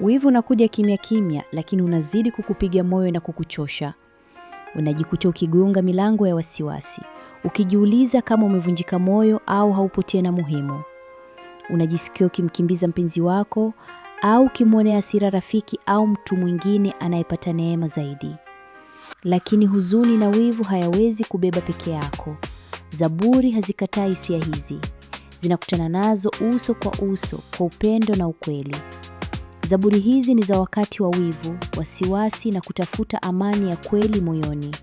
Wivu unakuja kimya kimya, lakini unazidi kukupiga moyo na kukuchosha. Unajikuta ukigonga milango ya wasiwasi, ukijiuliza kama umevunjika moyo au haupo tena muhimu. Unajisikia ukimkimbiza mpenzi wako au ukimwonea hasira rafiki au mtu mwingine anayepata neema zaidi. Lakini huzuni na wivu hayawezi kubeba peke yako. Zaburi hazikatai hisia hizi, zinakutana nazo uso kwa uso, kwa upendo na ukweli. Zaburi hizi ni za wakati wa wivu, wasiwasi na kutafuta amani ya kweli moyoni.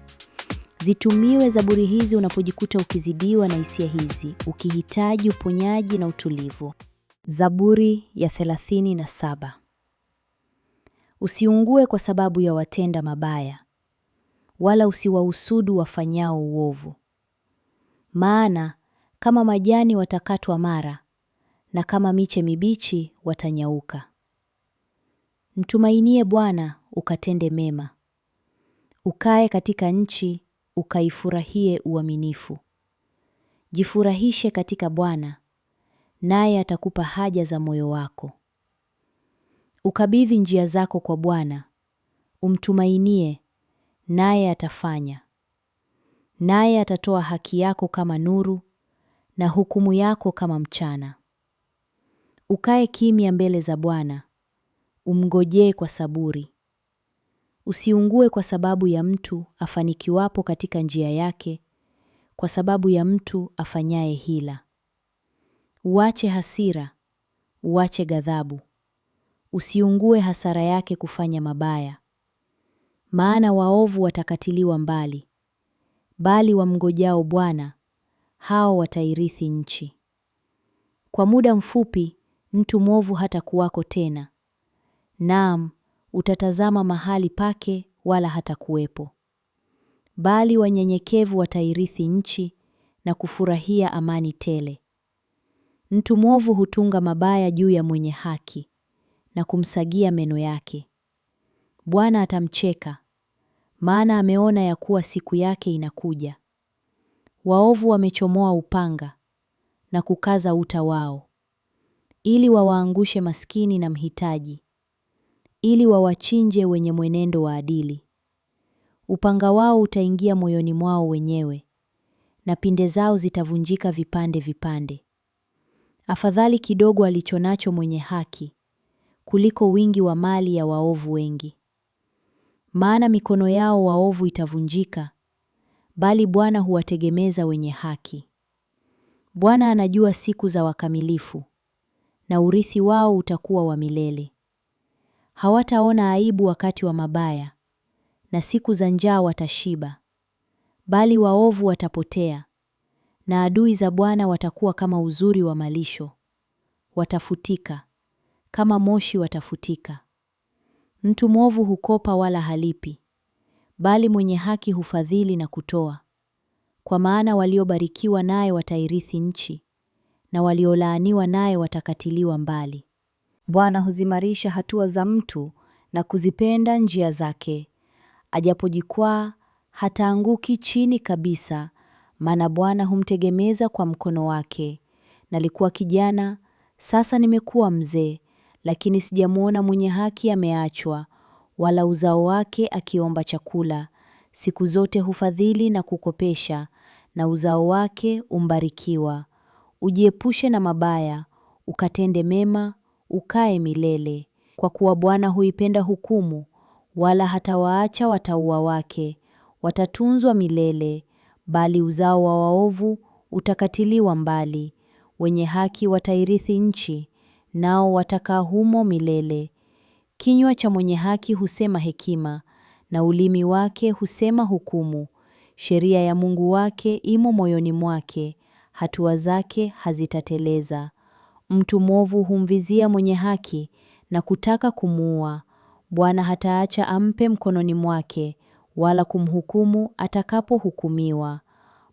Zitumiwe zaburi hizi unapojikuta ukizidiwa na hisia hizi, ukihitaji uponyaji na utulivu. Zaburi ya saba. Usiungue kwa sababu ya watenda mabaya, wala usiwahusudu wafanyao uovu. Maana kama majani watakatwa mara, na kama miche mibichi watanyauka. Mtumainie Bwana ukatende mema, ukae katika nchi ukaifurahie uaminifu. Jifurahishe katika Bwana, naye atakupa haja za moyo wako. Ukabidhi njia zako kwa Bwana, umtumainie, naye atafanya. Naye atatoa haki yako kama nuru na hukumu yako kama mchana. Ukae kimya mbele za Bwana umngojee kwa saburi. Usiungue kwa sababu ya mtu afanikiwapo katika njia yake, kwa sababu ya mtu afanyaye hila. Uache hasira, uache ghadhabu, usiungue hasara yake kufanya mabaya. Maana waovu watakatiliwa mbali, bali wamngojao Bwana hao watairithi nchi. Kwa muda mfupi mtu mwovu hatakuwako tena, Naam, utatazama mahali pake wala hatakuwepo. Bali wanyenyekevu watairithi nchi na kufurahia amani tele. Mtu mwovu hutunga mabaya juu ya mwenye haki na kumsagia meno yake. Bwana atamcheka, maana ameona ya kuwa siku yake inakuja. Waovu wamechomoa upanga na kukaza uta wao, ili wawaangushe maskini na mhitaji, ili wawachinje wenye mwenendo wa adili. Upanga wao utaingia moyoni mwao wenyewe, na pinde zao zitavunjika vipande vipande. Afadhali kidogo alichonacho mwenye haki kuliko wingi wa mali ya waovu wengi. Maana mikono yao waovu itavunjika, bali Bwana huwategemeza wenye haki. Bwana anajua siku za wakamilifu, na urithi wao utakuwa wa milele. Hawataona aibu wakati wa mabaya, na siku za njaa watashiba. Bali waovu watapotea, na adui za Bwana watakuwa kama uzuri wa malisho. Watafutika, kama moshi watafutika. Mtu mwovu hukopa wala halipi, bali mwenye haki hufadhili na kutoa. Kwa maana waliobarikiwa naye watairithi nchi, na waliolaaniwa naye watakatiliwa mbali. Bwana huzimarisha hatua za mtu na kuzipenda njia zake. Ajapojikwaa hataanguki chini kabisa, maana Bwana humtegemeza kwa mkono wake. Nalikuwa kijana, sasa nimekuwa mzee, lakini sijamwona mwenye haki ameachwa, wala uzao wake akiomba chakula. Siku zote hufadhili na kukopesha, na uzao wake umbarikiwa. Ujiepushe na mabaya, ukatende mema, ukae milele. Kwa kuwa Bwana huipenda hukumu, wala hatawaacha watauwa wake; watatunzwa milele, bali uzao wa waovu utakatiliwa mbali. Wenye haki watairithi nchi, nao watakaa humo milele. Kinywa cha mwenye haki husema hekima, na ulimi wake husema hukumu. Sheria ya Mungu wake imo moyoni mwake, hatua zake hazitateleza. Mtu mwovu humvizia mwenye haki na kutaka kumuua. Bwana hataacha ampe mkononi mwake, wala kumhukumu atakapohukumiwa.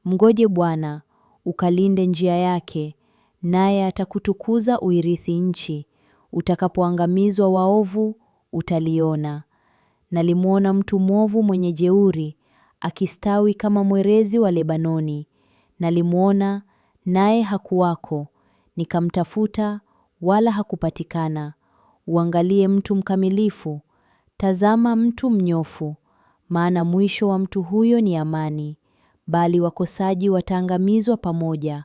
Mngoje Bwana, ukalinde njia yake, naye atakutukuza uirithi nchi. Utakapoangamizwa waovu, utaliona. Nalimwona mtu mwovu mwenye jeuri akistawi kama mwerezi wa Lebanoni. Nalimwona, naye hakuwako nikamtafuta wala hakupatikana. Uangalie mtu mkamilifu, tazama mtu mnyofu, maana mwisho wa mtu huyo ni amani. Bali wakosaji wataangamizwa pamoja,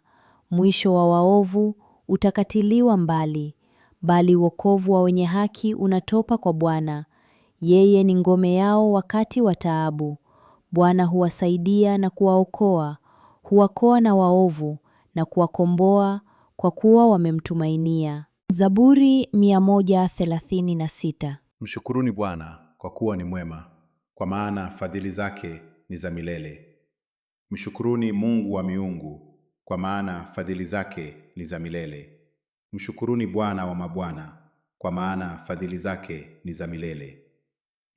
mwisho wa waovu utakatiliwa mbali. Bali wokovu wa wenye haki unatopa kwa Bwana, yeye ni ngome yao wakati wa taabu. Bwana huwasaidia na kuwaokoa, huwakoa na waovu na kuwakomboa kwa kuwa wamemtumainia. Zaburi 136. Mshukuruni Bwana kwa kuwa ni mwema, kwa maana fadhili zake ni za milele. Mshukuruni Mungu wa miungu, kwa maana fadhili zake ni za milele. Mshukuruni Bwana wa mabwana, kwa maana fadhili zake ni za milele.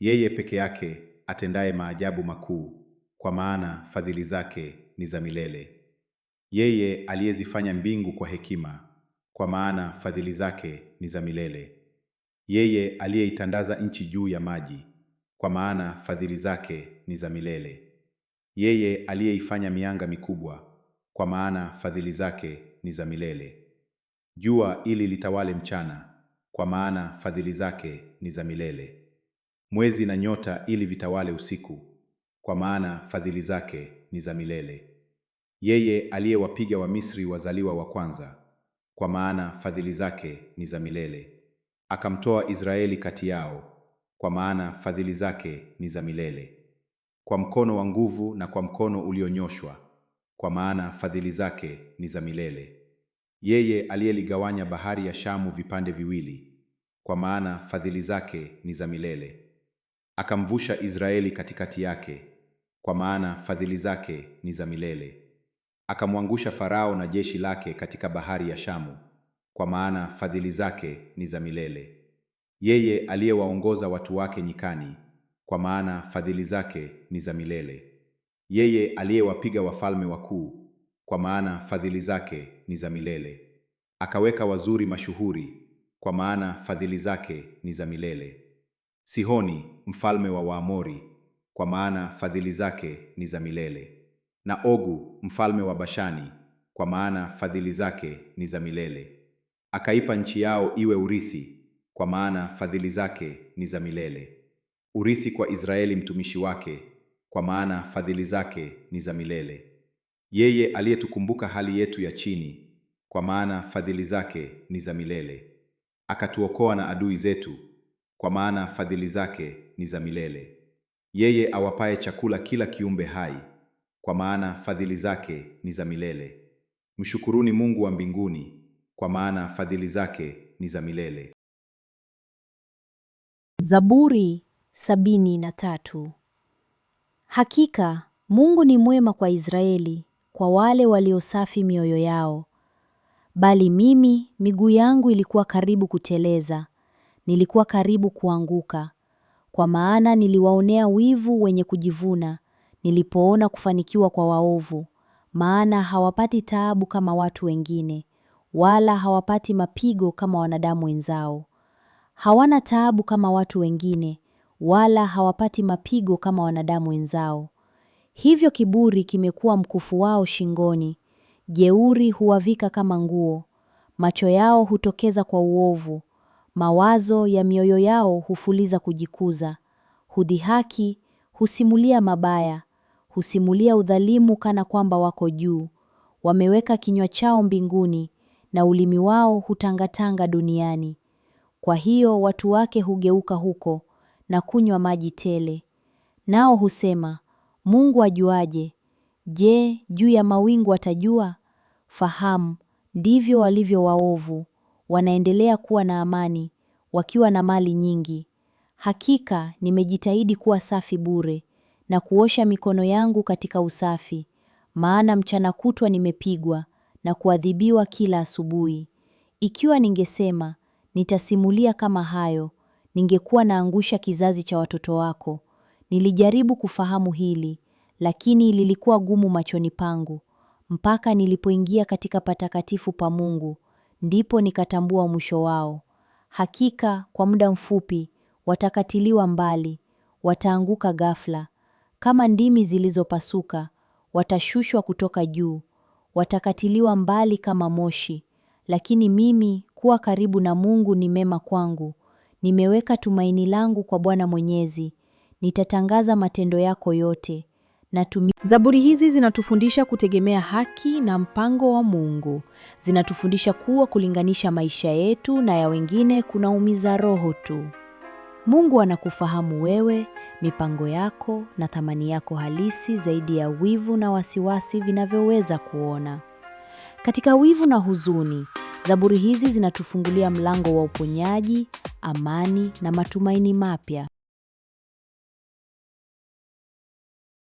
Yeye peke yake atendaye maajabu makuu, kwa maana fadhili zake ni za milele yeye aliyezifanya mbingu kwa hekima, kwa maana fadhili zake ni za milele. Yeye aliyeitandaza nchi juu ya maji, kwa maana fadhili zake ni za milele. Yeye aliyeifanya mianga mikubwa, kwa maana fadhili zake ni za milele. Jua ili litawale mchana, kwa maana fadhili zake ni za milele. Mwezi na nyota ili vitawale usiku, kwa maana fadhili zake ni za milele yeye aliyewapiga Wamisri wazaliwa wa kwanza, kwa maana fadhili zake ni za milele. Akamtoa Israeli kati yao, kwa maana fadhili zake ni za milele. Kwa mkono wa nguvu na kwa mkono ulionyoshwa, kwa maana fadhili zake ni za milele. Yeye aliyeligawanya bahari ya Shamu vipande viwili, kwa maana fadhili zake ni za milele. Akamvusha Israeli katikati yake, kwa maana fadhili zake ni za milele akamwangusha Farao na jeshi lake katika bahari ya Shamu, kwa maana fadhili zake ni za milele. Yeye aliyewaongoza watu wake nyikani, kwa maana fadhili zake ni za milele. Yeye aliyewapiga wafalme wakuu, kwa maana fadhili zake ni za milele. Akaweka wazuri mashuhuri, kwa maana fadhili zake ni za milele. Sihoni mfalme wa Waamori, kwa maana fadhili zake ni za milele na Ogu mfalme wa Bashani, kwa maana fadhili zake ni za milele. Akaipa nchi yao iwe urithi, kwa maana fadhili zake ni za milele. Urithi kwa Israeli mtumishi wake, kwa maana fadhili zake ni za milele. Yeye aliyetukumbuka hali yetu ya chini, kwa maana fadhili zake ni za milele. Akatuokoa na adui zetu, kwa maana fadhili zake ni za milele. Yeye awapaye chakula kila kiumbe hai kwa maana fadhili zake ni za milele. Mshukuruni Mungu wa mbinguni, kwa maana fadhili zake ni za milele. Zaburi sabini na tatu. Hakika Mungu ni mwema kwa Israeli, kwa wale waliosafi mioyo yao. Bali mimi miguu yangu ilikuwa karibu kuteleza, nilikuwa karibu kuanguka, kwa maana niliwaonea wivu wenye kujivuna nilipoona kufanikiwa kwa waovu, maana hawapati taabu kama watu wengine, wala hawapati mapigo kama wanadamu wenzao. Hawana taabu kama watu wengine, wala hawapati mapigo kama wanadamu wenzao. Hivyo kiburi kimekuwa mkufu wao shingoni, jeuri huwavika kama nguo. Macho yao hutokeza kwa uovu, mawazo ya mioyo yao hufuliza kujikuza, hudhihaki, husimulia mabaya, husimulia udhalimu kana kwamba wako juu. Wameweka kinywa chao mbinguni na ulimi wao hutangatanga duniani. Kwa hiyo watu wake hugeuka huko na kunywa maji tele. Nao husema, Mungu ajuaje? Je, juu ya mawingu atajua? Fahamu, ndivyo walivyo waovu, wanaendelea kuwa na amani, wakiwa na mali nyingi. Hakika nimejitahidi kuwa safi bure, na kuosha mikono yangu katika usafi, maana mchana kutwa nimepigwa na kuadhibiwa kila asubuhi. Ikiwa ningesema nitasimulia kama hayo, ningekuwa naangusha kizazi cha watoto wako. Nilijaribu kufahamu hili, lakini lilikuwa gumu machoni pangu, mpaka nilipoingia katika patakatifu pa Mungu, ndipo nikatambua mwisho wao. Hakika kwa muda mfupi watakatiliwa mbali, wataanguka ghafla. Kama ndimi zilizopasuka, watashushwa kutoka juu, watakatiliwa mbali kama moshi. Lakini mimi kuwa karibu na Mungu ni mema kwangu. Nimeweka tumaini langu kwa Bwana Mwenyezi. Nitatangaza matendo yako yote. Natumia. Zaburi hizi zinatufundisha kutegemea haki na mpango wa Mungu. Zinatufundisha kuwa kulinganisha maisha yetu na ya wengine kunaumiza roho tu. Mungu anakufahamu wewe, mipango yako na thamani yako halisi zaidi ya wivu na wasiwasi vinavyoweza kuona. Katika wivu na huzuni, zaburi hizi zinatufungulia mlango wa uponyaji, amani na matumaini mapya.